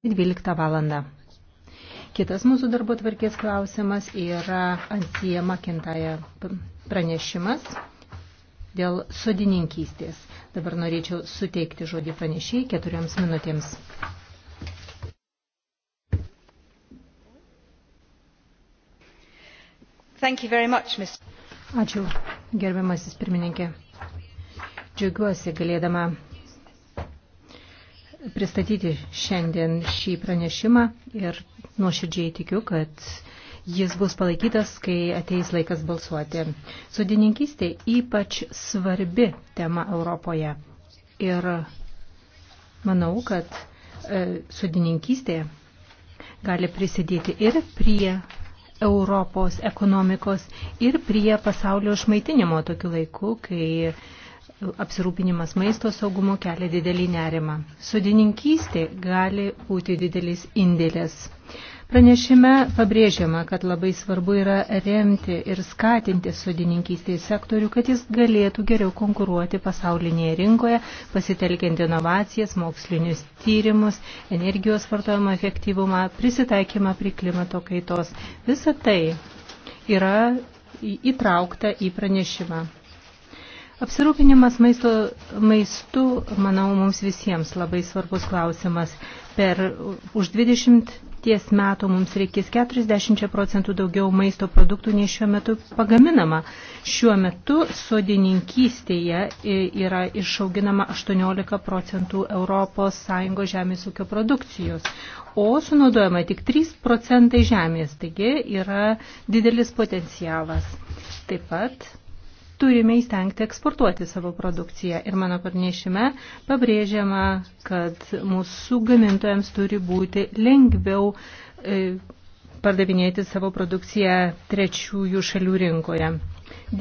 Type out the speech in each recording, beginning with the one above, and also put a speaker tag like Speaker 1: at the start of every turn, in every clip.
Speaker 1: 12 valandą. Kitas mūsų darbo tvarkės klausimas yra Ancija Makintaja pranešimas dėl sodininkystės. Dabar norėčiau suteikti žodį pranešiai keturioms minutėms. Thank you very much, Mr. Ačiū, gerbiamasis pirmininkė. Džiaugiuosi galėdama pristatyti šiandien šį pranešimą ir nuoširdžiai tikiu, kad jis bus palaikytas, kai ateis laikas balsuoti. Sudininkystė ypač svarbi tema Europoje ir manau, kad e, sudininkystė gali prisidėti ir prie Europos ekonomikos ir prie pasaulio išmaitinimo tokiu laiku, kai apsirūpinimas maisto saugumu kelia didelį nerimą. Sudininkystė gali būti didelis indėlis. Pranešime pabrėžiama, kad labai svarbu yra remti ir skatinti sudininkystės sektorių, kad jis galėtų geriau konkuruoti pasaulinėje rinkoje, pasitelkiant inovacijas, mokslinius tyrimus, energijos vartojimo efektyvumą, prisitaikymą prie klimato kaitos. Visa tai yra įtraukta į pranešimą. Apsirūpinimas maisto, maistu, manau, mums visiems labai svarbus klausimas. Per už 20 metų mums reikės 40 procentų daugiau maisto produktų, nei šiuo metu pagaminama. Šiuo metu sodininkystėje yra išauginama 18 procentų ES žemės ūkio produkcijos, o sunaudojama tik 3 procentai žemės, taigi yra didelis potencialas. Taip pat turime įstengti eksportuoti savo produkciją. Ir mano pranešime pabrėžiama, kad mūsų gamintojams turi būti lengviau e, pardavinėti savo produkciją trečiųjų šalių rinkoje.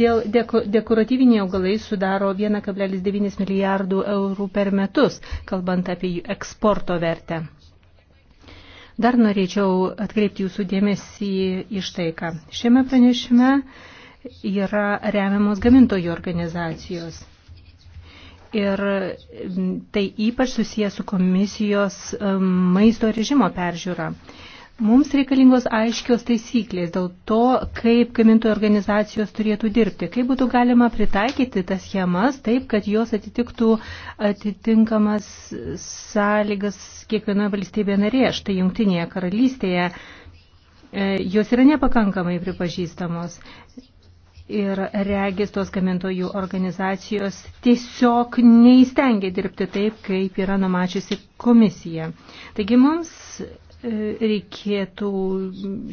Speaker 1: Dėl deko, dekoratyviniai augalai sudaro 1,9 milijardų eurų per metus, kalbant apie jų eksporto vertę. Dar norėčiau atkreipti jūsų dėmesį iš tai, ką šiame pranešime yra remiamos gamintojų organizacijos. Ir tai ypač susijęs su komisijos maisto režimo peržiūra. Mums reikalingos aiškios taisyklės dėl to, kaip gamintojų organizacijos turėtų dirbti, kaip būtų galima pritaikyti tas schemas taip, kad jos atitiktų atitinkamas sąlygas kiekvienoje valstybėje narėje, štai jungtinėje karalystėje. E, jos yra nepakankamai pripažįstamos ir regis tos gamintojų organizacijos tiesiog neįstengia dirbti taip, kaip yra numačiusi komisija. Taigi mums e, reikėtų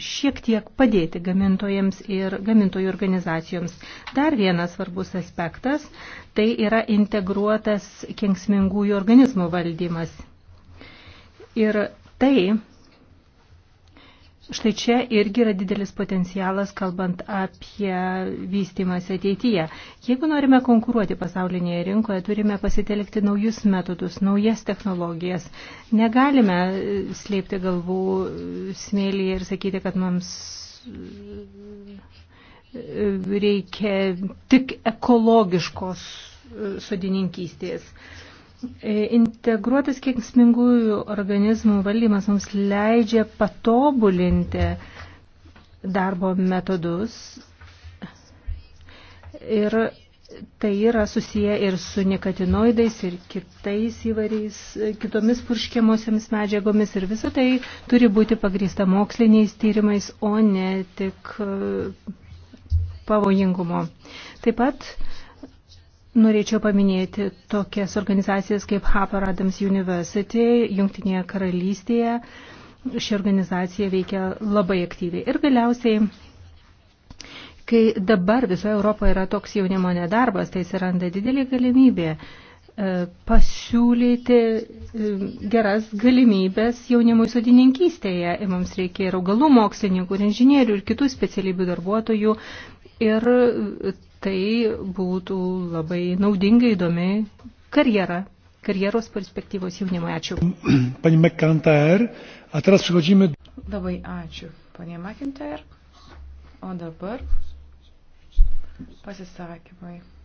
Speaker 1: šiek tiek padėti gamintojams ir gamintojų organizacijoms. Dar vienas svarbus aspektas - tai yra integruotas kengsmingųjų organizmų valdymas. Ir tai Štai čia irgi yra didelis potencialas, kalbant apie vystimas ateityje. Jeigu norime konkuruoti pasaulinėje rinkoje, turime pasitelkti naujus metodus, naujas technologijas. Negalime e, slėpti galvų e, smėlyje ir sakyti, kad mums e, reikia tik ekologiškos sodininkystės. E, integruotas kenksmingųjų organizmų valdymas mums leidžia patobulinti darbo metodus ir tai yra susiję ir su nikotinoidais ir kitais įvairiais, e, kitomis purškiamosiamis medžiagomis ir visą tai turi būti pagrįsta moksliniais tyrimais, o ne tik e, pavojingumo. Taip pat Norėčiau paminėti tokias organizacijas kaip Harper Adams University Jungtinėje karalystėje. Ši organizacija veikia labai aktyviai. Ir galiausiai, kai dabar visoje Europoje yra toks jaunimo nedarbas, tai atsiranda didelė galimybė e, pasiūlyti e, geras galimybės jaunimui sodininkystėje. Mums reikia ir augalų mokslininkų, ir inžinierių, ir kitų specialybių darbuotojų, ir tai būtų labai naudinga įdomi karjera, karjeros perspektyvos jaunimui. Ačiū. Pani McIntyre, a teraz przechodzimy. Labai ačiū, panie McIntyre. O dabar pasisakymai.